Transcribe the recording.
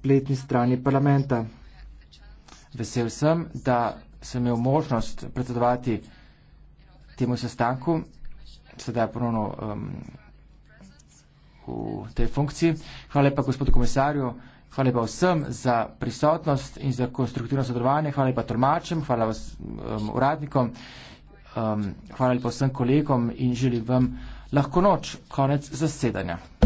spletni strani parlamenta. Vesel sem, da sem imel možnost predsedovati temu sestanku, sedaj ponovno um, v tej funkciji. Hvala lepa gospodu komisarju, hvala lepa vsem za prisotnost in za konstruktivno sodelovanje, hvala lepa tolmačem, hvala vas, um, uradnikom, um, hvala lepa vsem kolegom in želim vam lahko noč, konec zasedanja.